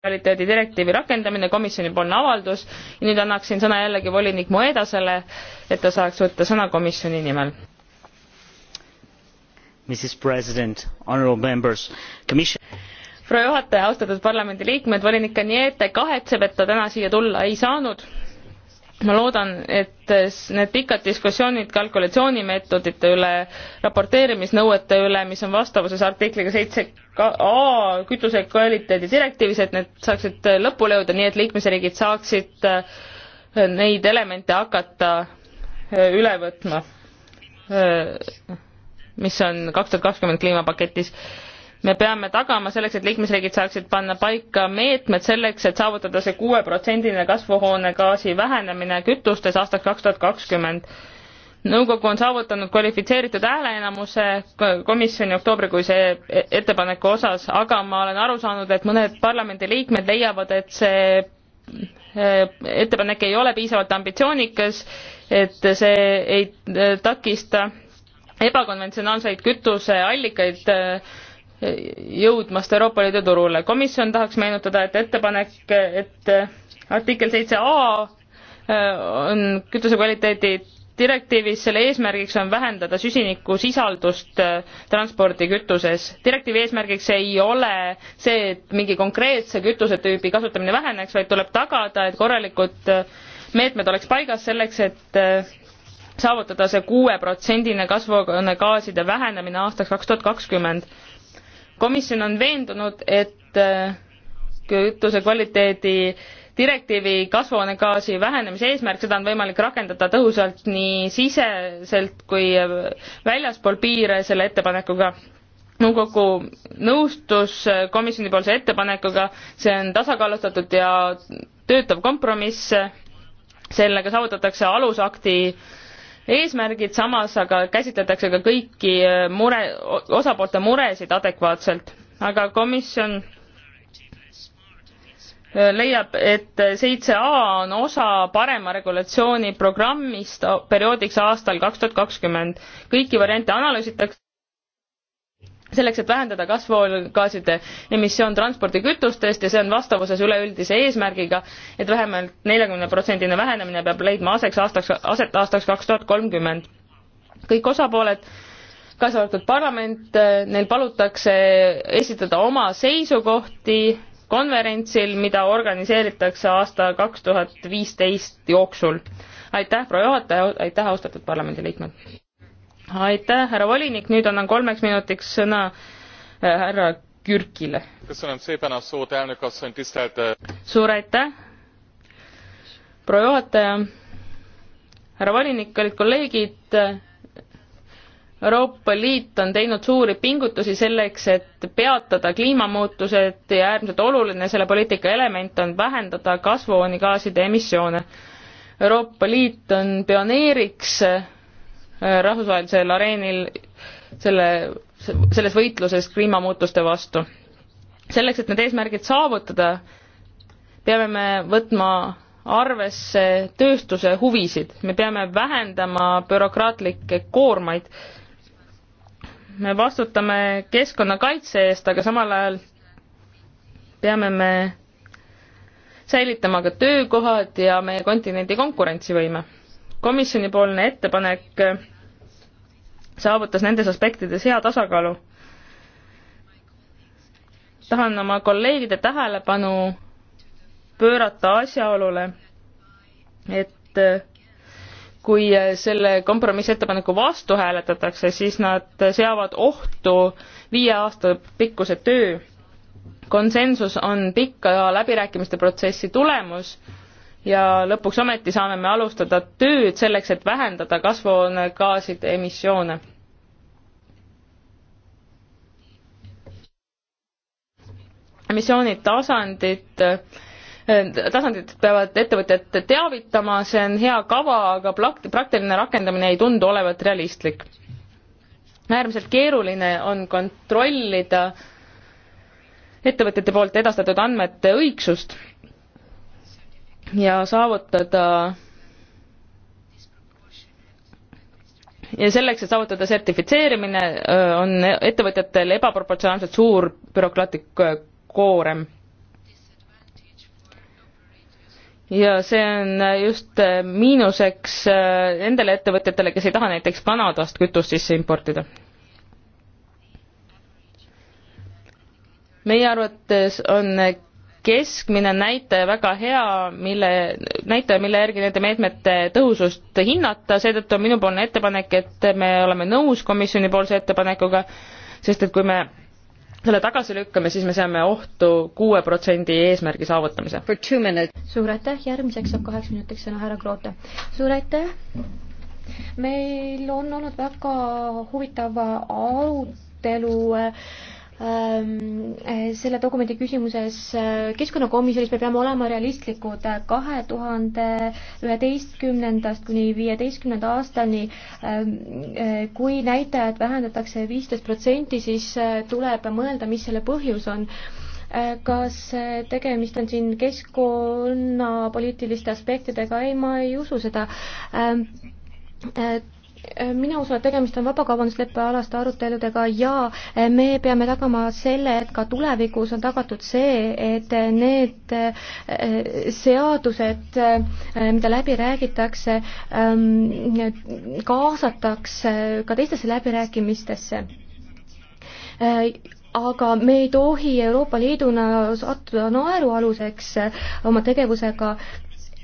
kvaliteedi direktiivi rakendamine, komisjonipoolne avaldus ja nüüd annaksin sõna jällegi volinik Moedasele, et ta saaks võtta sõna komisjoni nimel. proua juhataja, austatud parlamendiliikmed, volinik Aniete kahetseb, et ta täna siia tulla ei saanud ma loodan, et need pikad diskussioonid kalkulatsioonimeetodite üle, raporteerimisnõuete üle, mis on vastavuses artikliga seitse A kütuse kvaliteedi direktiivis, et need saaksid lõpule jõuda, nii et liikmesriigid saaksid äh, neid elemente hakata äh, üle võtma, äh, mis on kaks tuhat kakskümmend kliimapaketis me peame tagama selleks, et liikmesriigid saaksid panna paika meetmed selleks, et saavutada see kuueprotsendine kasvuhoonegaasi vähenemine kütustes aastaks kaks tuhat kakskümmend. nõukogu on saavutanud kvalifitseeritud hääleenamuse komisjoni oktoobrikuise ettepaneku osas, aga ma olen aru saanud, et mõned parlamendiliikmed leiavad, et see eh, ettepanek ei ole piisavalt ambitsioonikas, et see ei eh, takista ebakonventsionaalseid kütuseallikaid äh, jõudmast Euroopa Liidu turule. komisjon tahaks meenutada, et ettepanek, et artikkel seitse A äh, on kütuse kvaliteedi direktiivis, selle eesmärgiks on vähendada süsinikusisaldust äh, transpordikütuses. direktiivi eesmärgiks ei ole see, et mingi konkreetse kütusetüübi kasutamine väheneks, vaid tuleb tagada, et korralikud äh, meetmed oleks paigas selleks, et saavutada see kuueprotsendine kasvuhoonegaaside vähenemine aastaks kaks tuhat kakskümmend komisjon on veendunud, et äh, kütuse kvaliteedi direktiivi kasvuhoonegaasi vähenemise eesmärk, seda on võimalik rakendada tõhusalt nii siseselt kui äh, väljaspool piire selle ettepanekuga. nõukogu nõustus äh, komisjonipoolse ettepanekuga, see on tasakaalustatud ja töötav kompromiss, sellega saavutatakse alusakti eesmärgid, samas aga käsitletakse ka kõiki äh, mure, osapoolte muresid adekvaatselt. aga komisjon äh, leiab, et seitse A on osa parema regulatsiooni programmist perioodiks aastal kaks tuhat kakskümmend. kõiki variante analüüsitakse selleks, et vähendada kasvuhoonegaaside emissioon transpordikütustest ja see on vastavuses üleüldise eesmärgiga, et vähemalt neljakümne protsendine vähenemine peab leidma aseks aastaks, aset aastaks kaks tuhat kolmkümmend. kõik osapooled, kaasa arvatud parlament, neil palutakse esitada oma seisukohti konverentsil, mida organiseeritakse aasta kaks tuhat viisteist jooksul. aitäh, proua juhataja, aitäh, austatud parlamendiliikmed! aitäh, härra volinik, nüüd annan kolmeks minutiks sõna äh, härra Kürkile. Äh, suur aitäh, proua juhataja, härra volinik, kallid kolleegid, äh, Euroopa Liit on teinud suuri pingutusi selleks, et peatada kliimamuutused ja äärmiselt oluline selle poliitika element on vähendada kasvuhoonegaaside emissioone. Euroopa Liit on pioneeriks rahvusvahelisel areenil selle, selles võitluses kliimamuutuste vastu. selleks, et need eesmärgid saavutada, peame me võtma arvesse tööstuse huvisid, me peame vähendama bürokraatlikke koormaid, me vastutame keskkonnakaitse eest, aga samal ajal peame me säilitama ka töökohad ja meie kontinendi konkurentsivõime komisjonipoolne ettepanek saavutas nendes aspektides hea tasakaalu. tahan oma kolleegide tähelepanu pöörata asjaolule, et kui selle kompromissettepaneku vastu hääletatakse, siis nad seavad ohtu viie aasta pikkuse töö. konsensus on pikka läbirääkimiste protsessi tulemus ja lõpuks ometi saame me alustada tööd selleks, et vähendada kasvuhoonegaaside emissioone. emissiooni tasandid, tasandid peavad ettevõtjad teavitama, see on hea kava, aga plakt-, praktiline rakendamine ei tundu olevat realistlik. äärmiselt keeruline on kontrollida ettevõtjate poolt edastatud andmete õigsust ja saavutada ja selleks, et saavutada sertifitseerimine, on ettevõtjatel ebaproportsionaalselt suur bürokraatlik koorem. ja see on just miinuseks nendele ettevõtjatele, kes ei taha näiteks Kanadast kütust sisse importida. meie arvates on keskmine näitaja väga hea, mille, näitaja, mille järgi nende meetmete tõhusust hinnata, seetõttu on minupoolne ettepanek, et me oleme nõus komisjonipoolse ettepanekuga, sest et kui me selle tagasi lükkame, siis me seame ohtu kuue protsendi eesmärgi saavutamise. suur aitäh, järgmiseks saab kaheks minutiks sõna härra Kroote. suur aitäh! meil on olnud väga huvitav arutelu äh, Ehm, eh, selle dokumendi küsimuses eh, keskkonnakomisjonis me peame olema realistlikud. kahe tuhande üheteistkümnendast kuni viieteistkümnenda aastani, ehm, eh, kui näitajad vähendatakse viisteist protsenti, siis tuleb mõelda, mis selle põhjus on kas tegemist on siin keskkonnapoliitiliste aspektidega, ei, ma ei usu seda ehm, mina usun, et tegemist on vabakaubandusleppe alaste aruteludega ja eh, me peame tagama selle, et ka tulevikus on tagatud see, et need eh, seadused, eh, mida läbi räägitakse, ehm, kaasatakse ka teistesse läbirääkimistesse aga me ei tohi Euroopa Liiduna sattuda naerualuseks oma tegevusega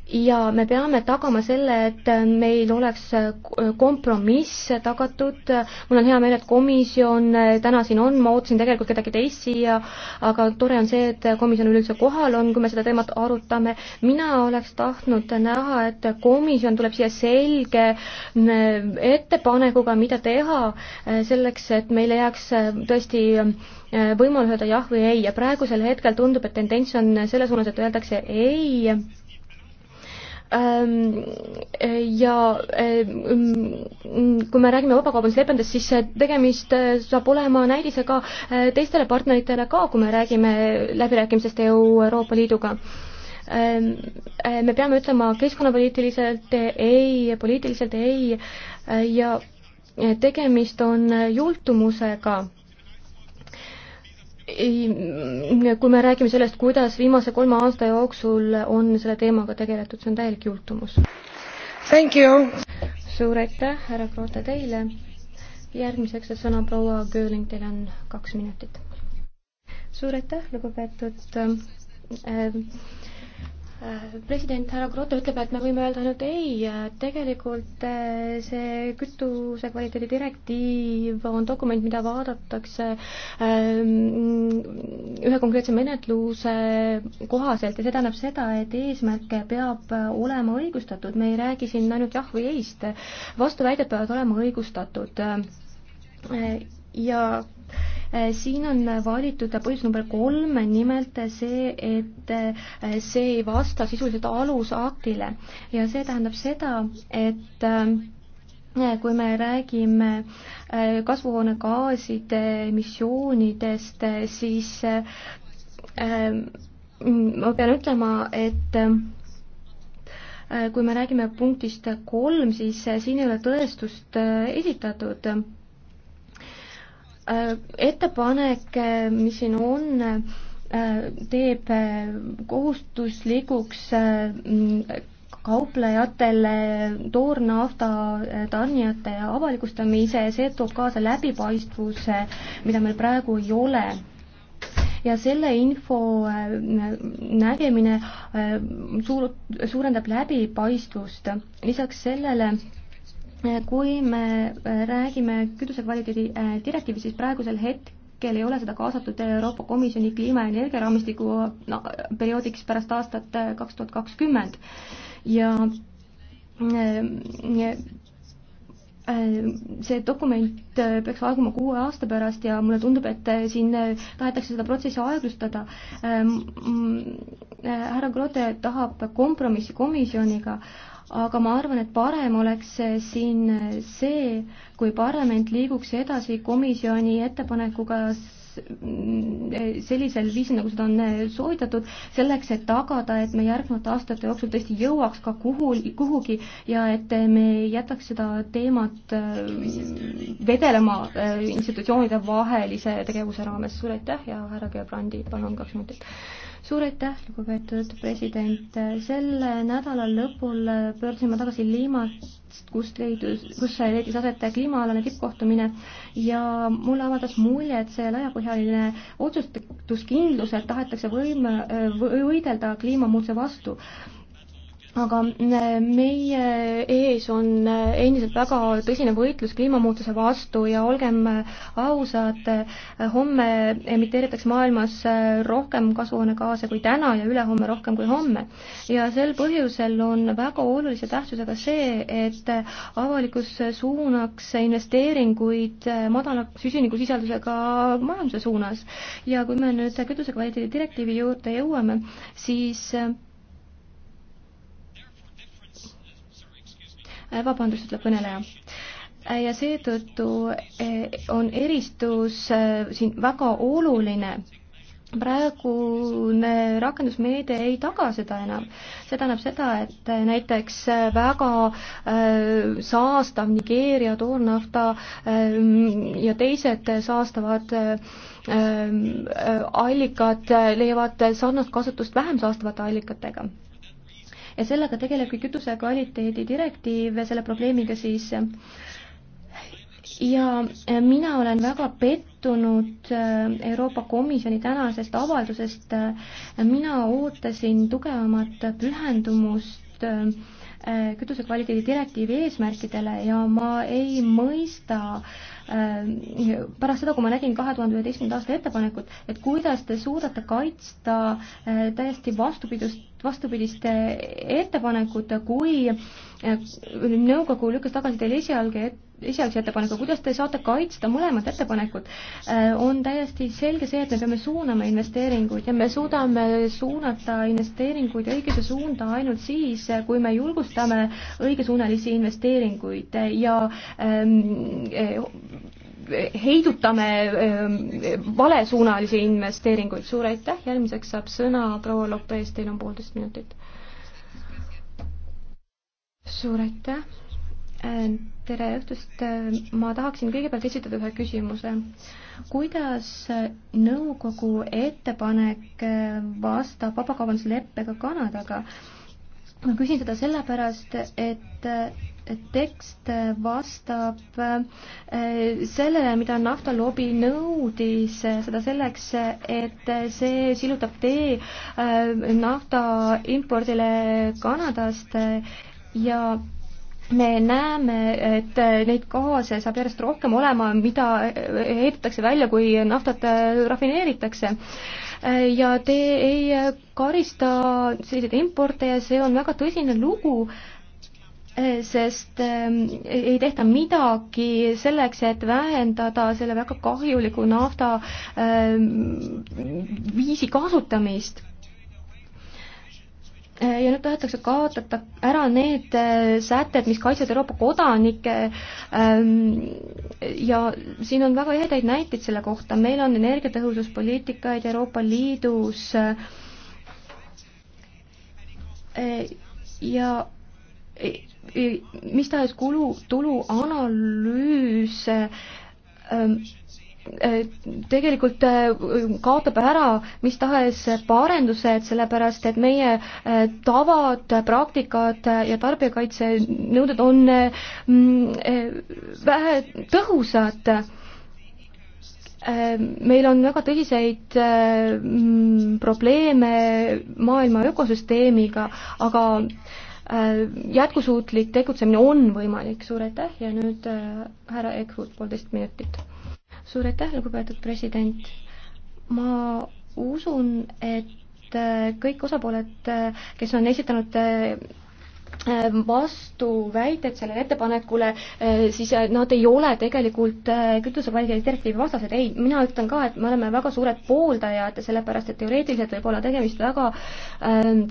ja me peame tagama selle, et meil oleks kompromiss tagatud, mul on hea meel, et komisjon täna siin on, ma ootasin tegelikult kedagi teist siia, aga tore on see, et komisjon üleüldse kohal on, kui me seda teemat arutame. mina oleks tahtnud näha, et komisjon tuleb siia selge ettepanekuga, mida teha selleks, et meil ei jääks tõesti võimalus öelda jah või ei ja praegusel hetkel tundub, et tendents on selle suunas, et öeldakse ei Ehm, ja ehm, mm, mm, kui me räägime vabakaubanduslependest, siis eh, tegemist eh, saab olema näidisega eh, teistele partneritele ka, kui me räägime läbirääkimisest EU Euroopa Liiduga ehm, me peame ütlema keskkonnapoliitiliselt ei, poliitiliselt ei ja tegemist on jultumusega Mm, kui me räägime sellest, kuidas viimase kolme aasta jooksul on selle teemaga tegeletud, see on täielik jultumus. suur aitäh, härra Kroote, teile. järgmiseks saab sõna proua Gööling, teil on kaks minutit. suur aitäh, lugupeetud äh, president härra Grotto ütleb, et me võime öelda ainult ei, tegelikult eh, see kütuse kvaliteedi direktiiv on dokument, mida vaadatakse ehm, ühe konkreetse menetluse kohaselt ja see tähendab seda, et eesmärk peab olema õigustatud, me ei räägi siin ainult jah või ei-st, vastuväited peavad olema õigustatud eh, ja äh, siin on valitud põhjus number kolm, nimelt see, et äh, see ei vasta sisuliselt alusaktile ja see tähendab seda, et äh, kui me räägime kasvuhoonegaaside emissioonidest, siis mm, ma pean ütlema, et kui me räägime punktist kolm, siis siin ei ole tõestust esitatud Äh, ettepanek, äh, mis siin on, äh, teeb kohustuslikuks mm, kauplejatele toornafta tarnijate avalikustamise, see toob kaasa läbipaistvuse, mida meil praegu ei ole. ja selle info nägemine suur, suurendab läbipaistvust. lisaks sellele kui me äh, räägime kütusekvaliteedi äh, direktiivist, siis praegusel hetkel ei ole seda kaasatud Euroopa Komisjoni kliima- ja energiaraamistiku no, perioodiks pärast aastat äh, kaks tuhat kakskümmend ja see dokument peaks aeguma kuue aasta pärast ja mulle tundub, et siin tahetakse seda protsessi aeglustada. Ähm, mm, härra Grote tahab kompromissi komisjoniga, aga ma arvan, et parem oleks siin see, kui parlament liiguks edasi komisjoni ettepanekuga Mm, eh, sellisel viisil, nagu seda on eh, soovitatud, selleks, et tagada, et me järgnevate aastate jooksul tõesti jõuaks ka kuhu, kuhugi ja et eh, me ei jätaks seda teemat vedelema institutsioonide vahelise tegevuse raames. suur aitäh ja härra Gerbrandi, palun kaks minutit suur aitäh, lugupeetud president, selle nädala lõpul pöördusin ma tagasi Liimat märtsist, kust leidus, kus leidis aset kliimaalane tippkohtumine ja mulle avaldas mulje, et see laiapõhjaline otsustuskindlus, et tahetakse võim-, võidelda kliimamuutuse vastu aga äh, meie ees on äh, endiselt väga tõsine võitlus kliimamuutuse vastu ja olgem äh, ausad, homme emiteeritakse maailmas rohkem kasvuhoonegaase kui täna ja ülehomme rohkem kui homme. ja sel põhjusel on väga olulise tähtsusega see, et avalikkus suunaks investeeringuid madala süsinikusisaldusega majanduse suunas. ja kui me nüüd kütuse kvaliteedi direktiivi juurde jõuame, siis Äh, vabandust, ütleb kõneleja äh, ja seetõttu äh, on eristus siin väga oluline. praegune rakendusmeede ei taga seda enam. see tähendab seda, et näiteks väga saastav Nigeeria toornafta ja teised saastavad allikad leiavad sarnast kasutust vähem saastavate allikatega ja sellega tegelebki kütuse kvaliteedi direktiiv selle probleemiga siis ja mina olen väga pettunud äh, Euroopa Komisjoni tänasest avaldusest. Äh, mina ootasin tugevamat pühendumust äh, kütusekvaliteedi direktiivi eesmärkidele ja ma ei mõista äh, pärast seda, kui ma nägin kahe tuhande üheteistkümnenda aasta ettepanekut, et kuidas te suudate kaitsta äh, täiesti vastupidust, vastupidist ettepanekut, kui äh, nõukogu lükkas tagasi teile esialge et, esialgse ettepaneku, kuidas te saate kaitsta mõlemat ettepanekut, on täiesti selge see, et me peame suunama investeeringuid ja me suudame suunata investeeringuid õigesse suunda ainult siis, kui me julgustame toetame õigesuunalisi investeeringuid ja ähm, eh, heidutame ähm, valesuunalisi investeeringuid. suur aitäh, järgmiseks saab sõna proua Lopez, teil on poolteist minutit. suur aitäh ähm, tere õhtust, äh, ma tahaksin kõigepealt esitada ühe küsimuse. kuidas äh, nõukogu ettepanek äh, vastab vabakaubandusleppega Kanadaga? ma küsin seda sellepärast, et tekst vastab äh, sellele, mida naftalobi nõudis, seda selleks, et see sillutab tee äh, nafta impordile Kanadast ja me näeme, et neid gaase saab järjest rohkem olema, mida heidetakse välja, kui naftat rafineeritakse ja te ei karista selliseid importe ja see on väga tõsine lugu, sest ehm, ei tehta midagi selleks, et vähendada selle väga kahjuliku nafta ehm, viisi kasutamist Äh, ja nüüd tahetakse kaotada ära need äh, sätted, mis kaitsevad Euroopa kodanikke ähm, ja siin on väga ehedaid näiteid selle kohta, meil on energiatõhususpoliitikaid Euroopa Liidus äh, ja e, e, mis tahes kulu, tulu analüüs ähm, Äh, tegelikult äh, kaotab ära mis tahes parendused, sellepärast et meie äh, tavad, praktikad ja tarbijakaitsenõuded on mm, vähe tõhusad. meil on väga tõsiseid mm, probleeme maailma ökosüsteemiga, aga jätkusuutlik tegutsemine on võimalik, suur aitäh ja nüüd härra Ekrut, poolteist minutit suur aitäh, lugupeetud president. ma usun, et äh, kõik osapooled, äh, kes on esitanud äh, vastuväited sellele ettepanekule, siis nad ei ole tegelikult kütusekvaliteedi direktiivi vastased, ei, mina ütlen ka, et me oleme väga suured pooldajad, sellepärast et teoreetiliselt võib olla tegemist väga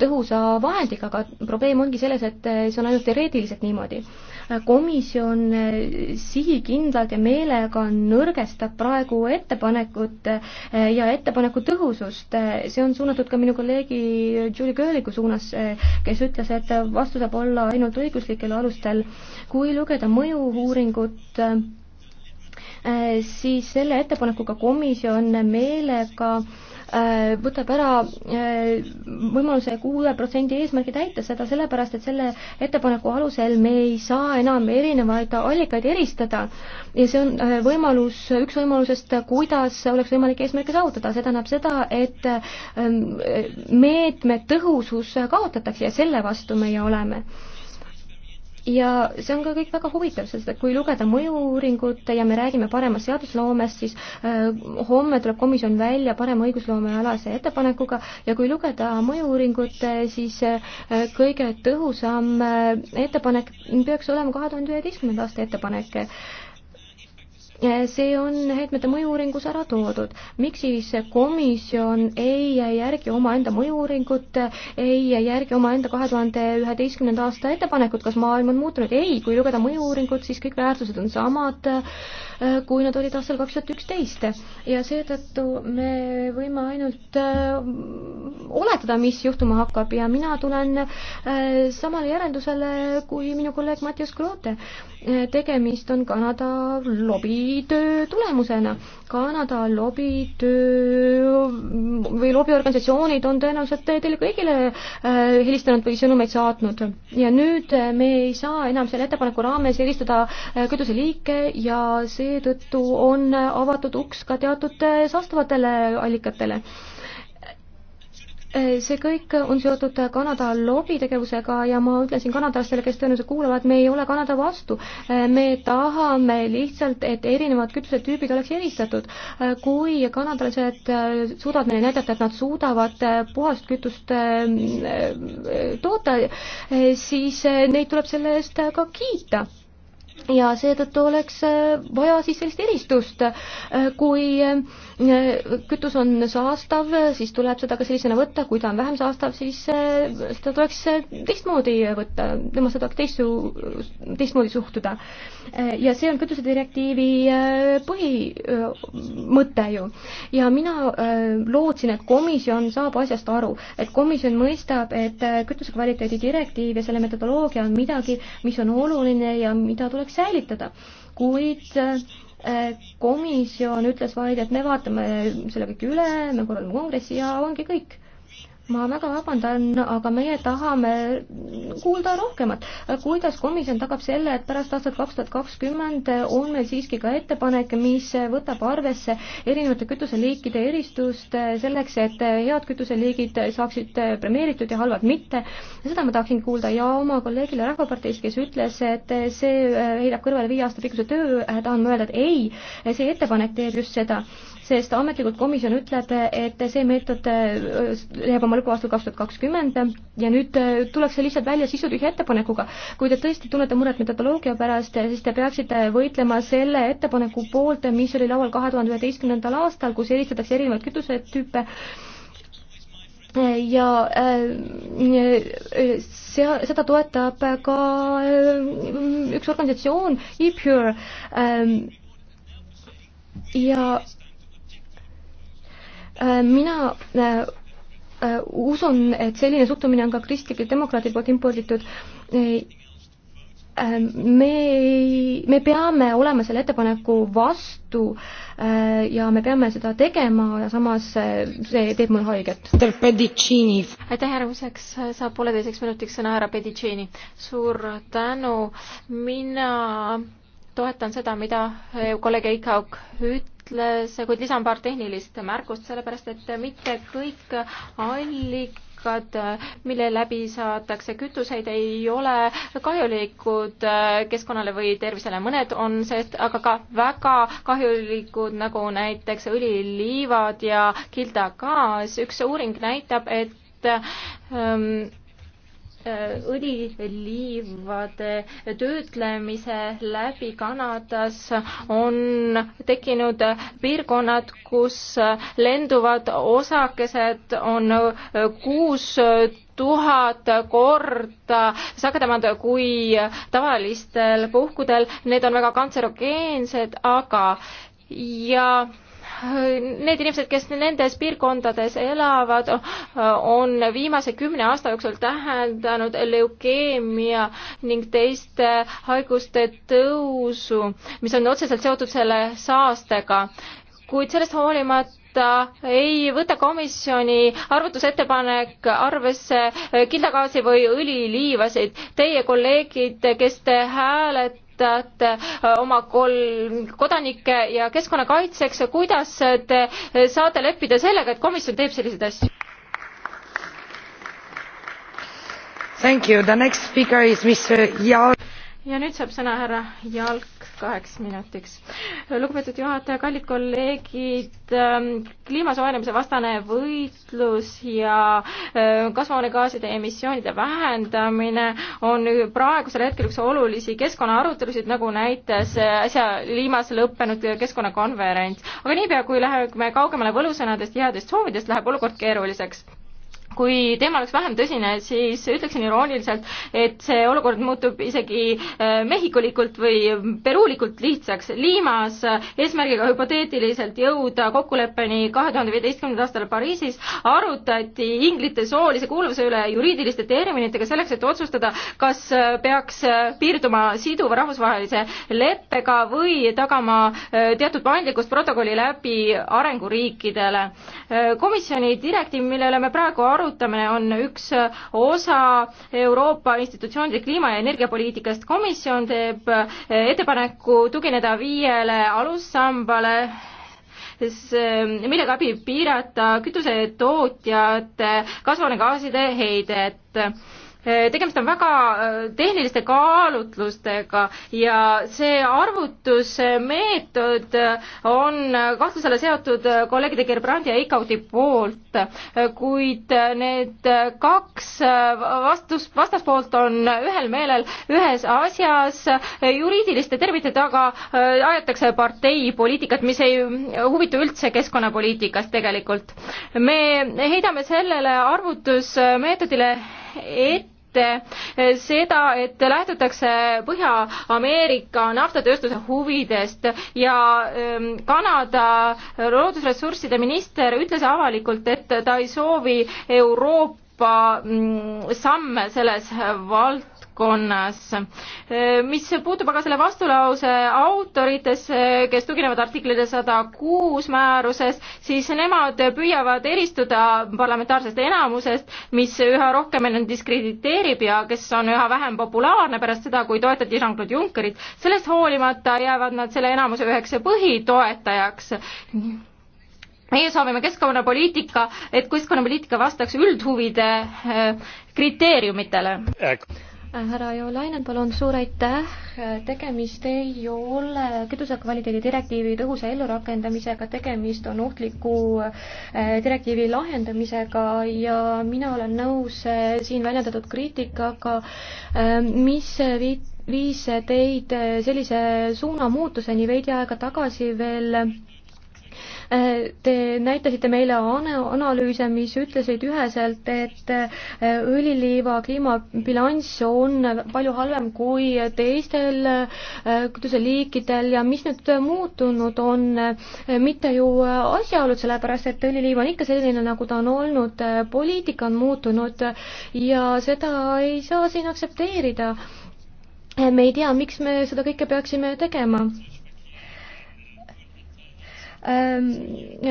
tõhusa vahendiga, aga probleem ongi selles, et see on ainult teoreetiliselt niimoodi komisjon eh, sihikindlalt ja meelega nõrgestab praegu ettepanekut eh, ja ettepaneku tõhusust. Eh, see on suunatud ka minu kolleegi Julie Girligu suunas, kes ütles, et vastu saab olla ainult õiguslikel alustel. kui lugeda mõju-uuringut siis selle ettepanekuga komisjon meelega äh, Äh, võtab ära äh, võimaluse kuue protsendi eesmärgi täita seda, sellepärast et selle ettepaneku alusel me ei saa enam erinevaid allikaid eristada ja see on äh, võimalus, üks võimalusest, kuidas oleks võimalik eesmärke saavutada, see tähendab seda, et ähm, meetme tõhusus kaotatakse ja selle vastu meie oleme ja see on ka kõik väga huvitav, sest et kui lugeda mõju-uuringut ja me räägime paremast seadusloomest, siis äh, homme tuleb komisjon välja parema õigusloomealase ettepanekuga ja kui lugeda mõju-uuringut, äh, siis äh, kõige tõhusam äh, ettepanek peaks olema kahe tuhande üheteistkümnenda aasta ettepanek äh, see on heitmete mõju-uuringus ära toodud. miks siis komisjon ei järgi omaenda mõju-uuringut, ei järgi omaenda kahe tuhande üheteistkümnenda aasta ettepanekut, kas maailm on muutunud? ei, kui lugeda mõju-uuringut, siis kõik väärtused on samad, äh, kui nad olid aastal kaks tuhat üksteist. ja seetõttu me võime ainult äh, oletada, mis juhtuma hakkab ja mina tulen äh, samale järeldusele kui minu kolleeg Mattias Grote tegemist on Kanada lobitöö tulemusena. Kanada lobitöö või lobiorganisatsioonid on tõenäoliselt teile kõigile äh, helistanud või sõnumeid saatnud ja nüüd äh, me ei saa enam selle ettepaneku raames helistada äh, kütuseliike ja seetõttu on avatud uks ka teatud saastavatele allikatele see kõik on seotud Kanada lobitegevusega ja ma ütlesin kanadalastele, kes tõenäoliselt kuulavad, me ei ole Kanada vastu. me tahame lihtsalt, et erinevad kütusetüübid oleks eristatud. kui kanadalased äh, suudavad meile näidata, et nad suudavad äh, puhast kütust äh, toota, siis neid tuleb selle eest ka kiita ja seetõttu oleks vaja siis sellist eristust, kui kütus on saastav, siis tuleb seda ka sellisena võtta, kui ta on vähem saastav, siis eh, seda tuleks eh, teistmoodi võtta, temasse tuleks teistsu-, teistmoodi suhtuda. Eh, ja see on kütusedirektiivi põhimõte ju. ja mina lootsin, et komisjon saab asjast aru, et komisjon mõistab, et kütuse kvaliteedi direktiiv ja selle metodoloogia on midagi, mis on oluline ja mida tuleks säilitada, kuid komisjon ütles vaid, et me vaatame selle kõik üle, me korraldame kongressi ja ongi kõik ma väga vabandan, aga meie tahame kuulda rohkemat. kuidas komisjon tagab selle, et pärast aastat kaks tuhat kakskümmend on meil siiski ka ettepanek, mis võtab arvesse erinevate kütuseliikide eristust selleks, et head kütuseliigid saaksid premeeritud ja halvad mitte. seda ma tahaksin kuulda ja oma kolleegile Rahvaparteist, kes ütles, et see heidab kõrvale viie aasta pikkuse töö, tahan ma öelda, et ei, see ettepanek teeb just seda sest ametlikult komisjon ütleb, et see meetod äh, leiab oma lõpu aastal kaks tuhat kakskümmend ja nüüd äh, tullakse lihtsalt välja sisutühja ettepanekuga. kui te tõesti tunnete muret metodoloogia pärast, siis te peaksite võitlema selle ettepaneku poolt, mis oli laual kahe tuhande üheteistkümnendal aastal, kus eristatakse erinevaid kütusetüüpe ja äh, see, seda toetab ka üks organisatsioon e, E-Pure ähm, ja Äh, mina äh, äh, usun, et selline suhtumine on ka kristlike demokraatide poolt imporditud. me ei, me peame olema selle ettepaneku vastu ja me peame seda tegema ja samas see teeb mulle haiget. aitäh, härra Useks, saab pooleteiseks minutiks sõna härra Pedicini. suur tänu, mina toetan seda, mida kolleeg Eikauk ütles, kuid lisan paar tehnilist märkust, sellepärast et mitte kõik allik allikad, mille läbi saadakse kütuseid, ei ole kahjulikud keskkonnale või tervisele. mõned on sellest aga ka väga kahjulikud, nagu näiteks õliliivad ja kildagaas. üks uuring näitab, et ähm, Äh, õliliivade töötlemise läbi Kanadas on tekkinud piirkonnad, kus lenduvad osakesed on äh, kuus tuhat korda sagedamad kui tavalistel puhkudel, need on väga kantserogeensed, aga ja need inimesed, kes nendes piirkondades elavad, on viimase kümne aasta jooksul tähendanud leukeemia ning teiste haiguste tõusu, mis on otseselt seotud selle saastega. kuid sellest hoolimata kohta ei võta komisjoni arvutusettepanek arvesse kildagaasi või õliliivasid. Teie kolleegid, kes te hääled toetate äh, oma kolm kodanikke ja keskkonna kaitseks, kuidas te äh, saate leppida sellega, et komisjon teeb selliseid asju? ja nüüd saab sõna härra Jalk kaheks minutiks. lugupeetud juhataja, kallid kolleegid, ähm, kliima soojenemise vastane võitlus ja äh, kasvuhoonegaaside emissioonide vähendamine on praegusel hetkel üks olulisi keskkonnaarutelusid, nagu näitas äh, äsja Liimas lõppenud keskkonnakonverents. aga niipea, kui läheme kaugemale võlusõnadest ja headest soovidest, läheb olukord keeruliseks kui teema oleks vähem tõsine, siis ütleksin irooniliselt, et see olukord muutub isegi äh, mehhikulikult või perulikult lihtsaks. Liimas äh, eesmärgiga hüpoteetiliselt jõuda kokkuleppeni kahe tuhande viieteistkümnendal aastal Pariisis arutati inglite soolise kuuluvuse üle juriidiliste terminitega selleks, et otsustada, kas äh, peaks piirduma siduva rahvusvahelise leppega või tagama teatud paindlikkust protokolli läbi arenguriikidele. komisjoni direktiiv, mille üle me praegu arutame, arutamine on üks osa Euroopa institutsioonide kliima- ja energiapoliitikast. komisjon teeb eh, ettepaneku tugineda viiele alussambale, millega abi piirata kütusetootjate kasvuhoonegaaside heidet Äh, tegemist on väga äh, tehniliste kaalutlustega ja see arvutusmeetod äh, on kahtluse alla seatud kolleegide Gerbrandi ja Eikauti poolt, kuid need kaks vastus, vastaspoolt on ühel meelel ühes asjas, juriidiliste tervite taga aetakse parteipoliitikat, mis ei huvitu üldse keskkonnapoliitikast tegelikult. me heidame sellele arvutusmeetodile ette ette eh, seda, et lähtutakse Põhja-Ameerika naftatööstuse huvidest ja ehm, Kanada loodusressursside minister ütles avalikult, et ta ei soovi Euroopa mm, samme selles vald-, valdkonnas. Eh, mis puutub aga selle vastulause autoritesse, kes tuginevad artiklile sada kuus määruses, siis nemad püüavad eristuda parlamentaarsest enamusest, mis üha rohkem ennast diskrediteerib ja kes on üha vähem populaarne pärast seda, kui toetati Jean-Claude Junckerit. sellest hoolimata jäävad nad selle enamuse üheks põhitoetajaks meie soovime keskkonnapoliitika, et keskkonnapoliitika vastaks üldhuvide eh, kriteeriumitele härra Joelainen, palun, suur aitäh. tegemist ei ole kütusekvaliteedi direktiivi tõhusa ellurakendamisega, tegemist on ohtliku eh, direktiivi lahendamisega ja mina olen nõus eh, siin väljendatud kriitikaga, eh, mis viit-, viis teid sellise suunamuutuseni veidi aega tagasi veel Te näitasite meile analüüse, mis ütlesid üheselt, et äh, õliliiva kliimabilanss on palju halvem kui teistel äh, kütuseliikidel ja mis nüüd muutunud on, mitte ju asjaolud, sellepärast et õliliiv on ikka selline, nagu ta on olnud, poliitika on muutunud ja seda ei saa siin aktsepteerida. me ei tea, miks me seda kõike peaksime tegema Ehm,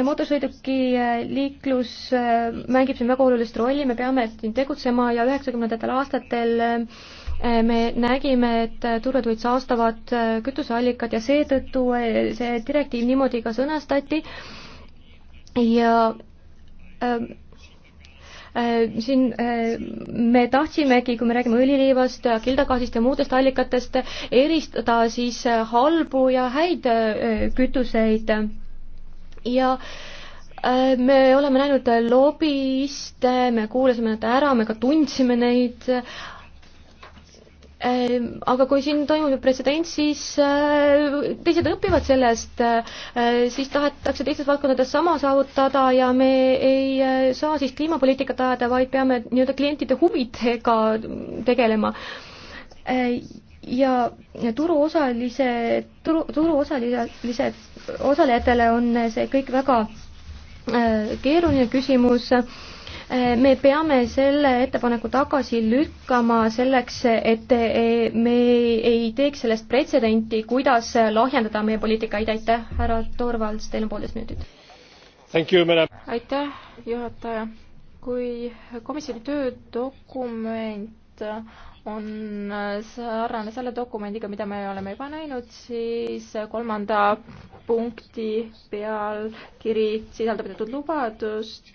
mootorsõiduki äh, liiklus äh, mängib siin väga olulist rolli, me peame siin tegutsema ja üheksakümnendatel aastatel äh, me nägime, et turved olid saastavad kütuseallikad ja seetõttu see direktiiv niimoodi ka sõnastati ja äh, äh, siin äh, me tahtsimegi, kui me räägime õliriivast, kildagaasist ja muudest allikatest, eristada siis halbu ja häid kütuseid ja äh, me oleme näinud lobiste, me kuulasime nad ära, me ka tundsime neid, äh, aga kui siin toimub pretsedent, siis äh, teised õpivad sellest, siis tahetakse teistes valdkondades sama saavutada ja me ei saa siis kliimapoliitikat ajada, vaid peame nii-öelda klientide huvidega tegelema. ja turuosalise, turu, turuosalised osalejatele on see kõik väga äh, keeruline küsimus. Äh, me peame selle ettepaneku tagasi lükkama selleks, et äh, me ei teeks sellest pretsedenti, kuidas lahjendada meie poliitikaid. aitäh, härra Torvalds, teil on poolteist minutit. aitäh, juhataja. kui komisjoni töödokument on sarnane selle dokumendiga, mida me oleme juba näinud, siis kolmanda punkti pealkiri sisaldab teatud lubadust,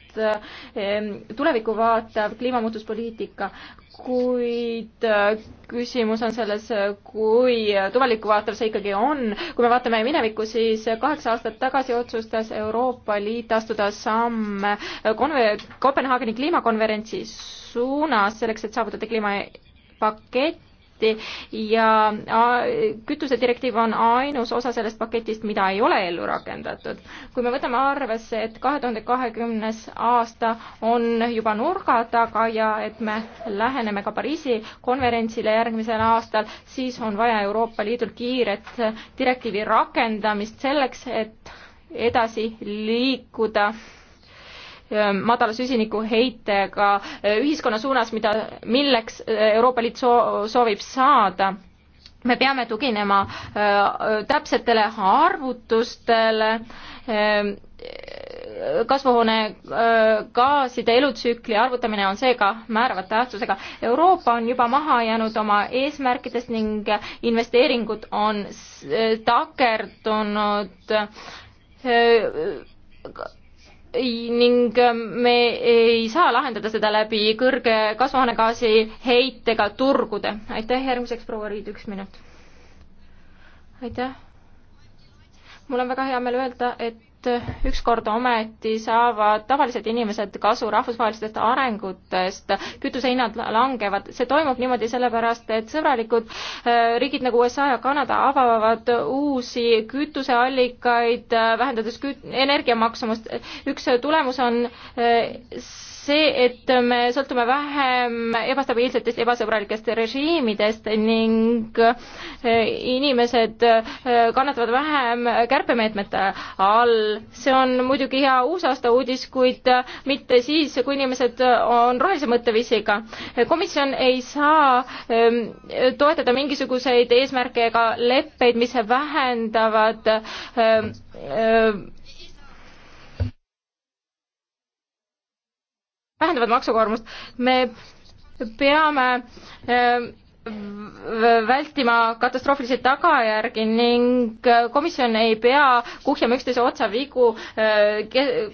tulevikku vaatav kliimamuutuspoliitika, kuid äh, küsimus on selles, kui tulevikku vaatav see ikkagi on. kui me vaatame minevikku, siis kaheksa aastat tagasi otsustas Euroopa Liit astuda samm konver-, Kopenhaageni kliimakonverentsi suunas selleks, et saavutada kliima paketti ja kütusedirektiiv on ainus osa sellest paketist, mida ei ole ellu rakendatud. kui me võtame arvesse, et kahe tuhande kahekümnes aasta on juba nurga taga ja et me läheneme ka Pariisi konverentsile järgmisel aastal, siis on vaja Euroopa Liidul kiiret direktiivi rakendamist selleks, et edasi liikuda äh, Äh, madala süsinikuheitega äh, ühiskonna suunas, mida, milleks äh, Euroopa Liit soo-, soovib saada. me peame tuginema täpsetele arvutustele, kasvuhoonegaaside elutsükli arvutamine on seega määrava tähtsusega. Euroopa on juba maha jäänud oma eesmärkidest ning investeeringud on takerdunud ning äh, me ei saa lahendada seda läbi kõrge kasvuhoonegaasi heitega turgude. aitäh, järgmiseks proua Riid, üks minut. aitäh. mul on väga hea meel öelda, et et ükskord ometi saavad tavalised inimesed kasu rahvusvahelistest arengutest, kütusehinnad langevad, see toimub niimoodi sellepärast, et sõbralikud äh, riigid nagu USA ja Kanada avavad uusi kütuseallikaid, äh, vähendades küt-, energiamaksumust. üks tulemus on äh, see, et me sõltume vähem ebastabiilsetest, ebasõbralikest režiimidest ning eh, inimesed eh, kannatavad vähem kärpemeetmete all. see on muidugi hea uusaasta uudis, kuid mitte siis, kui inimesed on rohelise mõtteviisiga. komisjon ei saa eh, toetada mingisuguseid eesmärke ega leppeid, mis vähendavad vähendavad maksukoormust. me peame äh, vältima katastroofilisi tagajärgi ning äh, komisjon ei pea kuhjama üksteise otsa vigu äh,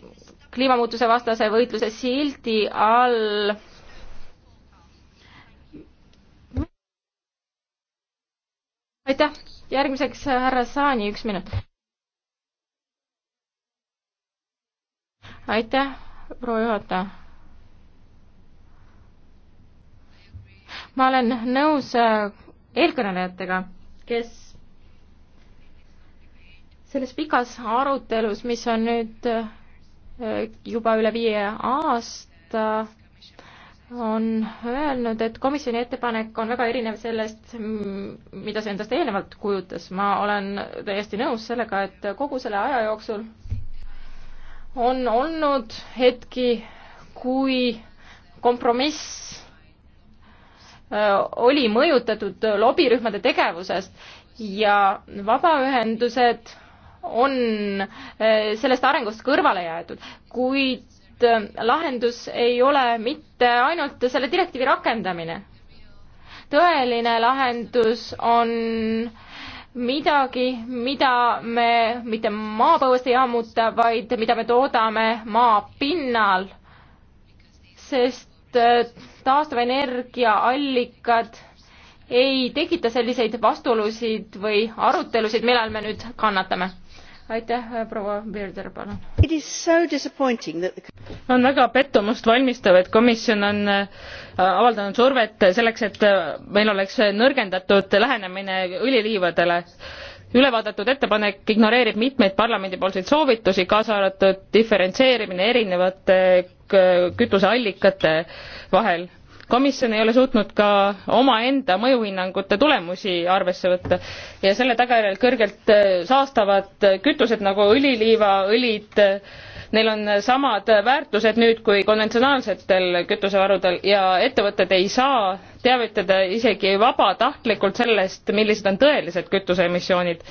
kliimamuutuse vastase võitluse sildi all. aitäh, järgmiseks härra Saani, üks minut. aitäh, proua juhataja ma olen nõus äh, eelkõnelejatega, kes selles pikas arutelus, mis on nüüd äh, juba üle viie aasta, on öelnud, et komisjoni ettepanek on väga erinev sellest, mida see endast eelnevalt kujutas. ma olen täiesti nõus sellega, et kogu selle aja jooksul on olnud hetki, kui kompromiss Äh, oli mõjutatud lobirühmade tegevusest ja vabaühendused on äh, sellest arengust kõrvale jäetud, kuid äh, lahendus ei ole mitte ainult selle direktiivi rakendamine. tõeline lahendus on midagi, mida me mitte maapõuest ei ammuta, vaid mida me toodame maa pinnal, sest et taastuvenergiaallikad ei tekita selliseid vastuolusid või arutelusid, millal me nüüd kannatame. aitäh, proua Birder, palun. on väga pettumust valmistav, et komisjon on äh, avaldanud survet selleks, et äh, meil oleks nõrgendatud lähenemine õliliivadele ülevaadatud ettepanek ignoreerib mitmeid parlamendipoolseid soovitusi, kaasa arvatud diferentseerimine erinevate kütuseallikate vahel. komisjon ei ole suutnud ka omaenda mõjuhinnangute tulemusi arvesse võtta ja selle tagajärjel kõrgelt saastavad kütused nagu õliliiva, õlid, neil on samad väärtused nüüd kui konventsionaalsetel kütusevarudel ja ettevõtted ei saa teavitada isegi vabatahtlikult sellest, millised on tõelised kütuseemissioonid.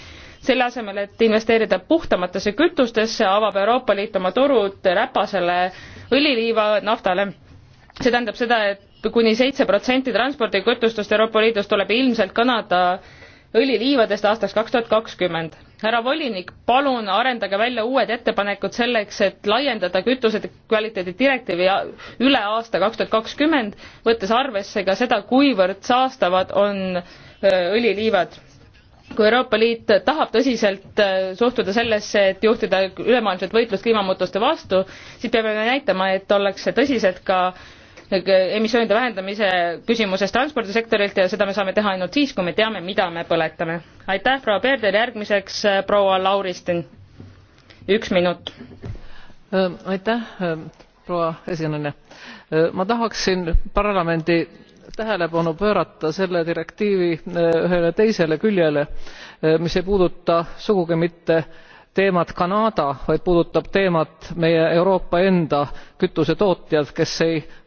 selle asemel, et investeerida puhtamatesse kütustesse, avab Euroopa Liit oma turud räpasele õliliiva naftale. see tähendab seda, et kuni seitse protsenti transpordikütustest Euroopa Liidus tuleb ilmselt Kanada õliliivadest aastaks kaks tuhat kakskümmend härra volinik, palun arendage välja uued ettepanekud selleks, et laiendada kütuse kvaliteedi direktiivi üle aasta kaks tuhat kakskümmend, võttes arvesse ka seda, kuivõrd saastavad on õliliivad kui Euroopa Liit tahab tõsiselt suhtuda sellesse, et juhtida ülemaailmset võitlust kliimamuutuste vastu, siis peame näitama, et ollakse tõsiselt ka emissioonide vähendamise küsimuses transpordisektorilt ja seda me saame teha ainult siis, kui me teame, mida me põletame. aitäh, proua Peerder, järgmiseks äh, proua Lauristin. üks minut. Äh, aitäh, äh, proua esinejana. ma tahaksin parlamendi tähelepanu pöörata selle direktiivi ühele teisele küljele mis ei puuduta sugugi mitte teemat kanada vaid puudutab teemat meie euroopa enda kütusetootjad kes ei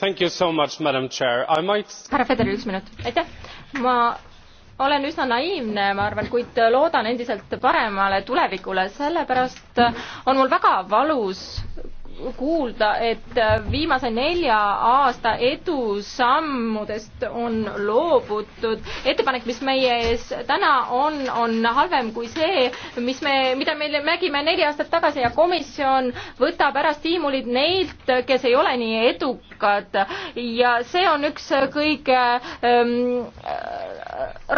härra Federer, üks minut. aitäh. ma olen üsna naiivne, ma arvan, kuid loodan endiselt paremale tulevikule, sellepärast on mul väga valus kuulda, et viimase nelja aasta edusammudest on loobutud. ettepanek, mis meie ees täna on, on halvem kui see, mis me, mida me nägime neli aastat tagasi ja komisjon võtab ära stiimulid neilt, kes ei ole nii edukad ja see on üks kõige ähm,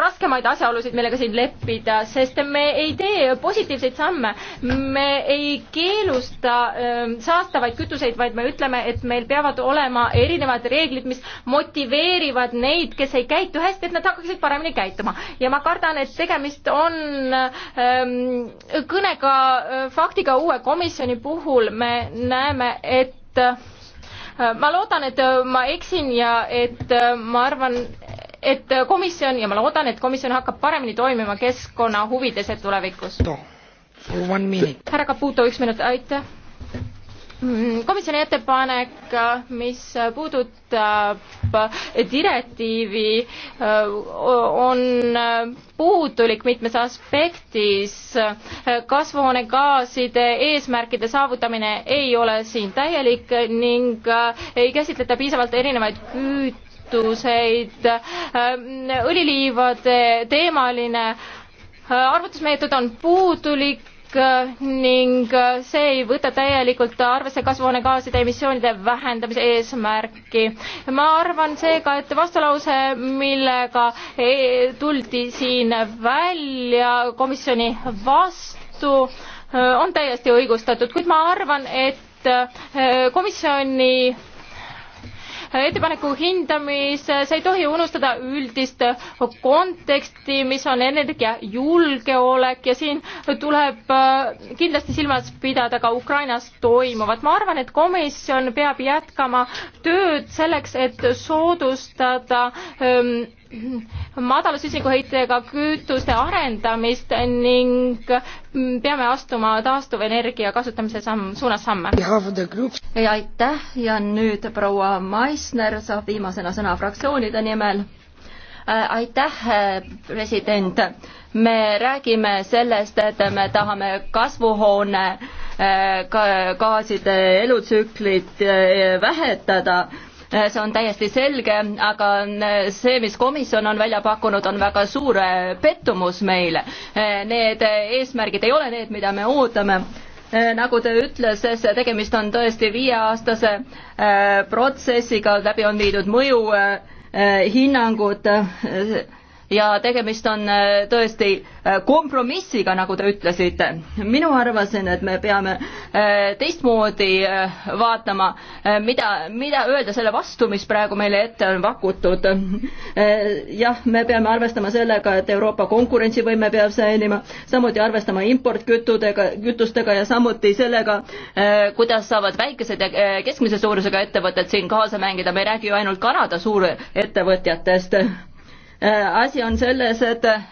raskemaid asjaolusid, millega siin leppida, sest me ei tee positiivseid samme, me ei keelusta ähm, saast-, vastavaid kütuseid, vaid me ütleme, et meil peavad olema erinevad reeglid, mis motiveerivad neid, kes ei käitu hästi, et nad hakkaksid paremini käituma. ja ma kardan, et tegemist on ähm, kõnega äh,, faktiga uue komisjoni puhul, me näeme, et äh, ma loodan, et äh, ma eksin ja et äh, ma arvan, et äh, komisjon ja ma loodan, et komisjon hakkab paremini toimima keskkonna huvides tulevikus. härra Caputo, üks minut, aitäh Mm, komisjoni ettepanek, mis puudutab direktiivi, äh, on puudulik mitmes aspektis. kasvuhoonegaaside eesmärkide saavutamine ei ole siin täielik ning äh, ei käsitleta piisavalt erinevaid kütuseid. Äh, õliliivade teemaline arvutusmeetod on puudulik Äh, ning äh, see ei võta täielikult arvesse kasvuhoonegaaside emissioonide vähendamise eesmärki. ma arvan seega, et vastulause, millega e, tuldi siin välja komisjoni vastu, äh, on täiesti õigustatud, kuid ma arvan, et komisjoni Äh, ettepaneku hindamise, äh, sa ei tohi unustada üldist konteksti, mis on energiajulgeolek ja siin tuleb äh, kindlasti silmas pidada ka Ukrainas toimuvat. ma arvan, et komisjon peab jätkama tööd selleks, et soodustada ähm, madala süsinikuheitega kütuste arendamist ning peame astuma taastuvenergia kasutamise samm, suunas samme ja aitäh ja nüüd proua Maisner saab viimasena sõna fraktsioonide nimel. Äh, aitäh, äh, president. me räägime sellest, et me tahame kasvuhoone äh, gaaside elutsüklit vähetada see on täiesti selge, aga see, mis komisjon on välja pakkunud, on väga suur pettumus meile. Need eesmärgid ei ole need, mida me ootame Äh, nagu te ütleses, tegemist on tõesti viieaastase äh, protsessiga, läbi on viidud mõjuhinnangud äh, äh ja tegemist on äh, tõesti äh, kompromissiga, nagu te ütlesite. minu arvasin, et me peame äh, teistmoodi vaatama, mida, mida öelda selle vastu, mis praegu meile ette on pakutud. jah, me peame arvestama sellega, et Euroopa konkurentsivõime peab säilima, samuti arvestama importkütudega, kütustega ja samuti sellega, kuidas saavad väikesed ja keskmise suurusega ettevõtted siin kaasa mängida, me ei räägi ju ainult Kanada suurettevõtjatest Äh, asi on selles, et äh, äh,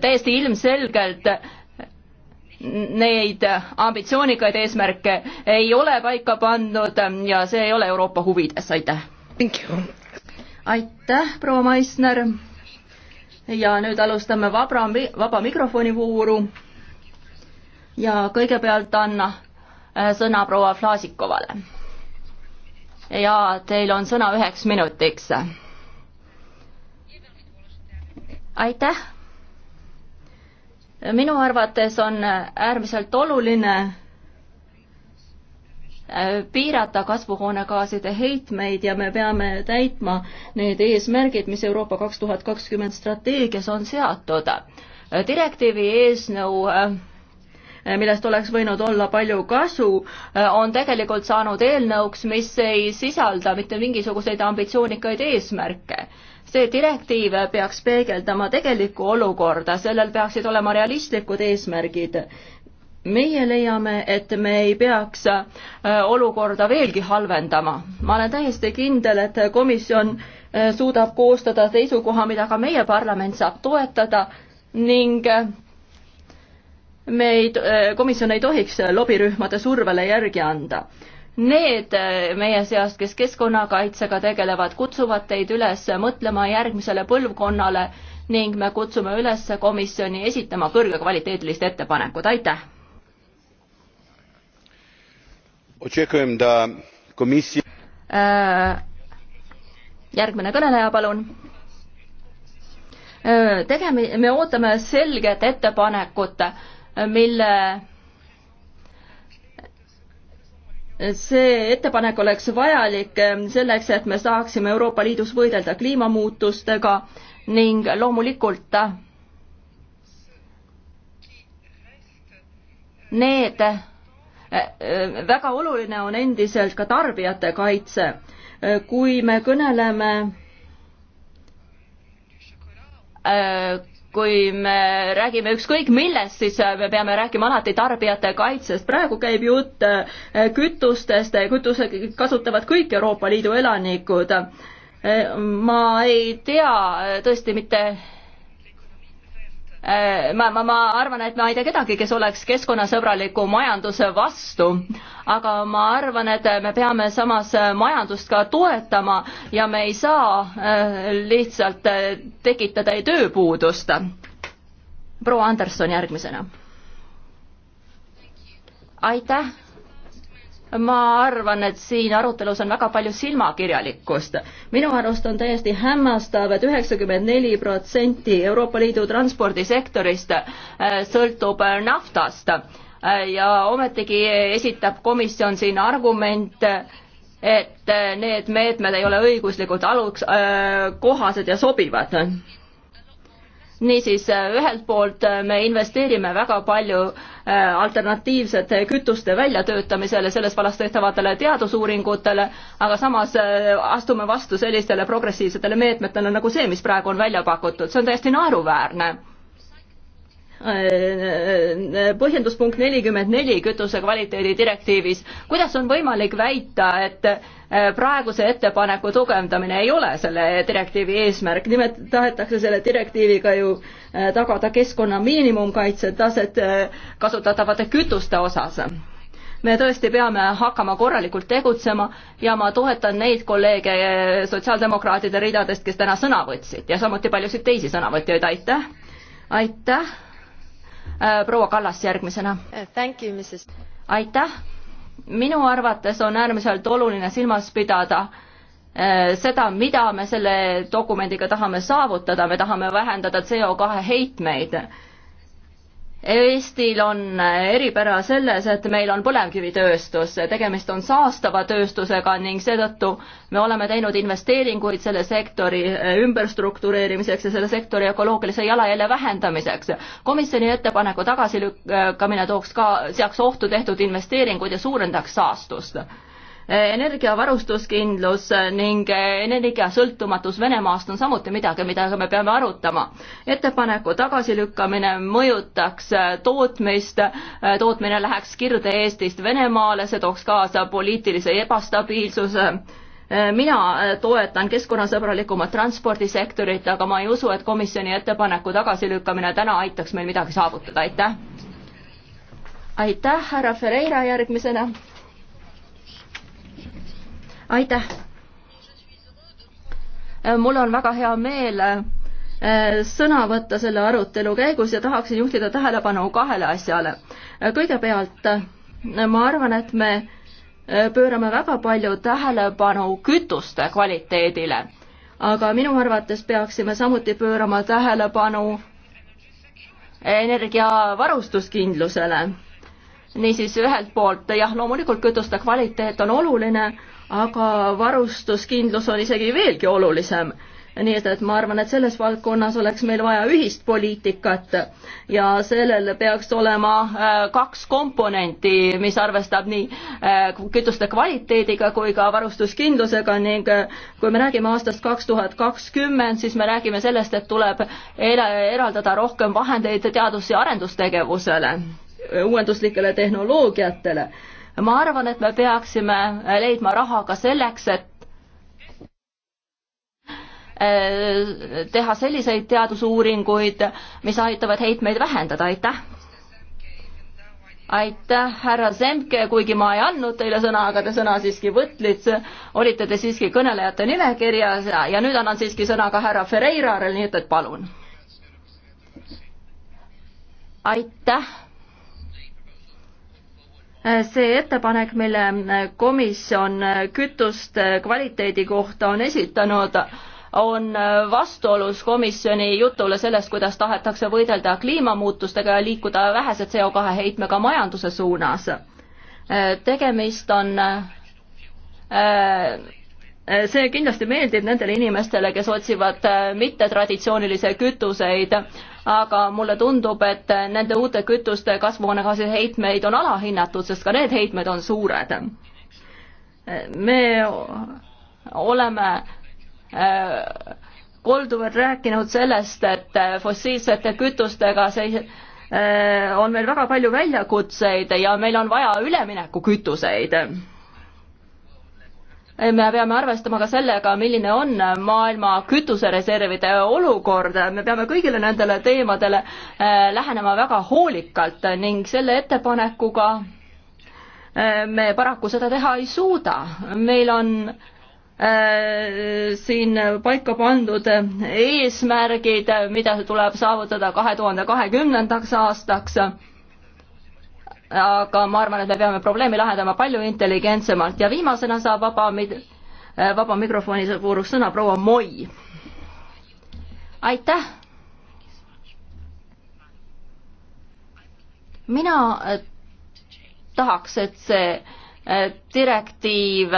täiesti ilmselgelt neid ambitsioonikaid eesmärke ei ole paika pandud ja see ei ole Euroopa huvides, aitäh. aitäh, proua Maisner. ja nüüd alustame vabra, vaba mikrofoni vooru. ja kõigepealt anna sõna proua Vlaasikovale. ja teil on sõna üheks minutiks aitäh! minu arvates on äärmiselt oluline äh, piirata kasvuhoonegaaside heitmeid ja me peame täitma need eesmärgid, mis Euroopa kaks tuhat kakskümmend strateegias on seatud. direktiivi eesnõu äh, millest oleks võinud olla palju kasu, äh, on tegelikult saanud eelnõuks, mis ei sisalda mitte mingisuguseid ambitsioonikaid eesmärke see direktiiv peaks peegeldama tegelikku olukorda, sellel peaksid olema realistlikud eesmärgid. meie leiame, et me ei peaks äh, olukorda veelgi halvendama. ma olen täiesti kindel, et komisjon äh, suudab koostada seisukoha, mida ka meie parlament saab toetada ning äh, me ei, komisjon ei tohiks lobirühmade survele järgi anda Need äh, meie seast, kes keskkonnakaitsega tegelevad, kutsuvad teid üles mõtlema järgmisele põlvkonnale ning me kutsume üles komisjoni esitama kõrgekvaliteetilist ettepanekut, aitäh! Äh, järgmine kõneleja, palun äh, tegemi-, me ootame selget ettepanekut, mille see ettepanek oleks vajalik ehm, selleks, et me saaksime Euroopa Liidus võidelda kliimamuutustega ning loomulikult need, eh, ehm, väga oluline on endiselt ka tarbijate kaitse. Eh, kui me kõneleme eh, kui me räägime ükskõik millest, siis äh, me peame rääkima alati tarbijate kaitsest. praegu käib jutt äh, kütustest, kütuse kasutavad kõik Euroopa Liidu elanikud. Äh, ma ei tea tõesti mitte Äh, ma, ma, ma arvan, et ma ei tea kedagi, kes oleks keskkonnasõbraliku majanduse vastu, aga ma arvan, et me peame samas majandust ka toetama ja me ei saa äh, lihtsalt äh, tekitada tööpuudust. proua Anderson järgmisena. aitäh ma arvan, et siin arutelus on väga palju silmakirjalikkust. minu arust on täiesti hämmastav et, et üheksakümmend neli protsenti Euroopa Liidu transpordisektorist äh, sõltub äh, naftast äh, ja ometigi esitab komisjon siin argumente, et need meetmed ei ole õiguslikult aluks äh, kohased ja sobivad niisiis, äh, ühelt poolt äh, me investeerime väga palju äh, alternatiivsete kütuste väljatöötamisele, selles vallas tehtavatele teadusuuringutele, aga samas astume vastu sellistele progressiivsetele meetmetele nagu see, mis praegu on välja pakutud, see on täiesti naeruväärne põhjendus punkt nelikümmend neli kütuse kvaliteedi direktiivis, kuidas on võimalik väita, et äh, praeguse ettepaneku tugevdamine ei ole selle direktiivi eesmärk, nimelt tahetakse selle direktiiviga ju äh, tagada keskkonna miinimumkaitsetaset äh, kasutatavate kütuste osas me tõesti peame hakkama korralikult tegutsema ja ma toetan neid kolleege sotsiaaldemokraatide ridadest, kes täna sõna võtsid ja samuti paljusid teisi sõnavõtjaid, aitäh! aitäh! Äh, proua Kallas järgmisena. aitäh, minu arvates on äärmiselt oluline silmas pidada äh, seda, mida me selle dokumendiga tahame saavutada, me tahame vähendada CO2 heitmeid Eestil on eripära selles, et meil on põlevkivitööstus, tegemist on saastava tööstusega ning seetõttu me oleme teinud investeeringuid selle sektori ümberstruktureerimiseks ja selle sektori ökoloogilise jalajälje vähendamiseks. komisjoni ettepaneku tagasilükkamine tooks ka, seaks ohtu tehtud investeeringud ja suurendaks saastust energiavarustuskindlus ning energiasõltumatus Venemaast on samuti midagi, mida me peame arutama. ettepaneku tagasilükkamine mõjutaks tootmist, tootmine läheks Kirde-Eestist Venemaale, see tooks kaasa poliitilise ebastabiilsuse mina toetan keskkonnasõbralikumat transpordisektorit, aga ma ei usu, et komisjoni ettepaneku tagasilükkamine täna aitaks meil midagi saavutada, aitäh. aitäh, härra Ferreira järgmisena aitäh! mul on väga hea meel äh, sõna võtta selle arutelu käigus ja tahaksin juhtida tähelepanu kahele asjale. kõigepealt äh, ma arvan, et me äh, pöörame väga palju tähelepanu kütuste kvaliteedile, aga minu arvates peaksime samuti pöörama tähelepanu energiavarustuskindlusele. niisiis ühelt poolt jah, loomulikult kütuste kvaliteet on oluline, aga varustuskindlus on isegi veelgi olulisem nii et, et ma arvan, et selles valdkonnas oleks meil vaja ühist poliitikat ja sellel peaks olema äh, kaks komponenti, mis arvestab nii äh, kütuste kvaliteediga kui ka varustuskindlusega ning äh, kui me räägime aastast kaks tuhat kakskümmend, siis me räägime sellest, et tuleb eraldada rohkem vahendeid teadus- ja arendustegevusele, uuenduslikele tehnoloogiatele ma arvan, et me peaksime leidma raha ka selleks, et eh, teha selliseid teadusuuringuid, mis aitavad heitmeid vähendada, aitäh! aitäh, härra Semke, kuigi ma ei andnud teile sõna, aga te sõna siiski võtlite, olite te siiski kõnelejate nimekirjas ja, ja nüüd annan siiski sõna ka härra Ferreirale, nii et, et palun. aitäh see ettepanek, mille komisjon kütuste kvaliteedi kohta on esitanud, on vastuolus komisjoni jutule sellest, kuidas tahetakse võidelda kliimamuutustega ja liikuda vähese CO2 heitmega majanduse suunas. tegemist on see kindlasti meeldib nendele inimestele, kes otsivad mittetraditsioonilisi kütuseid aga mulle tundub, et nende uute kütuste kasvuhoonegaaside heitmeid on alahinnatud, sest ka need heitmed on suured. me oleme äh, kolduvalt rääkinud sellest, et fossiilsete kütustega seis-, äh, on meil väga palju väljakutseid ja meil on vaja üleminekukütuseid me peame arvestama ka sellega, milline on maailma kütusereservide olukord, me peame kõigile nendele teemadele eh, lähenema väga hoolikalt ning selle ettepanekuga eh, me paraku seda teha ei suuda, meil on eh, siin paika pandud eesmärgid, mida tuleb saavutada kahe tuhande kahekümnendaks aastaks aga ma arvan, et me peame probleemi lahendama palju intelligentsemalt ja viimasena saab vaba mid-, äh, vaba mikrofoni voorus sõna proua Moi. aitäh! mina äh, tahaks, et see äh, direktiiv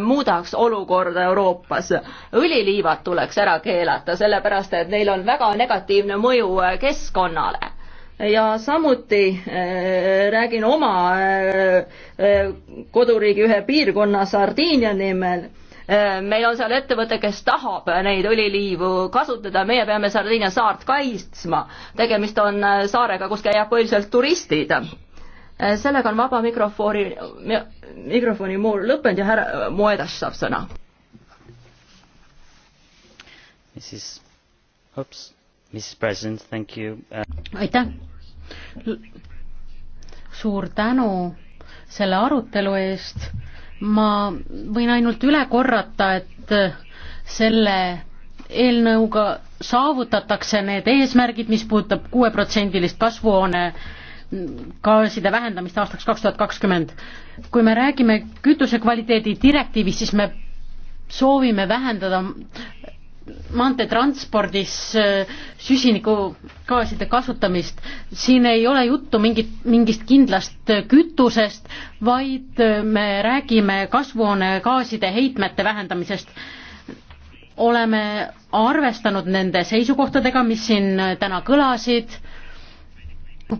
muudaks olukorda Euroopas. õliliivad tuleks ära keelata, sellepärast et neil on väga negatiivne mõju keskkonnale ja samuti äh, räägin oma äh, äh, koduriigi ühe piirkonna Sardiinia nimel. meil on seal ettevõte, kes tahab neid õliliivu kasutada, meie peame Sardiinia saart kaitsma. tegemist on saarega, kus käivad põhiliselt turistid. sellega on vaba mikrofoni, mikrofoni muul lõppenud ja härra Moedas saab sõna. siis, hops Uh, aitäh! suur tänu selle arutelu eest, ma võin ainult üle korrata, et selle eelnõuga saavutatakse need eesmärgid, mis puudutab kuueprotsendilist kasvuhoone gaaside vähendamist aastaks kaks tuhat kakskümmend. kui me räägime kütusekvaliteedi direktiivist, siis me soovime vähendada maanteetranspordis äh, süsinikugaaside kasutamist. siin ei ole juttu mingit, mingist kindlast äh, kütusest, vaid äh, me räägime kasvuhoonegaaside heitmete vähendamisest. oleme arvestanud nende seisukohtadega, mis siin täna kõlasid,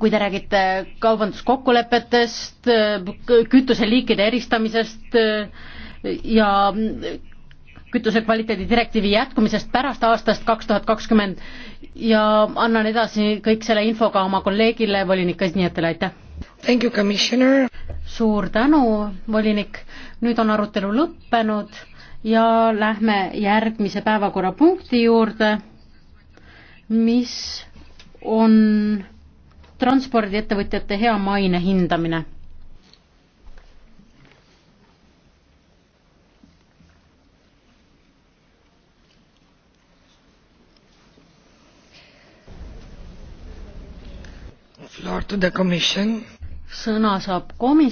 kui te räägite kaubanduskokkulepetest, kütuseliikide eristamisest ja kütusekvaliteedi direktiivi jätkumisest pärast aastast kaks tuhat kakskümmend ja annan edasi kõik selle info ka oma kolleegile, volinik Kasinjatele, aitäh! suur tänu, volinik, nüüd on arutelu lõppenud ja lähme järgmise päevakorrapunkti juurde, mis on transpordiettevõtjate hea maine hindamine sõna saab komisjon.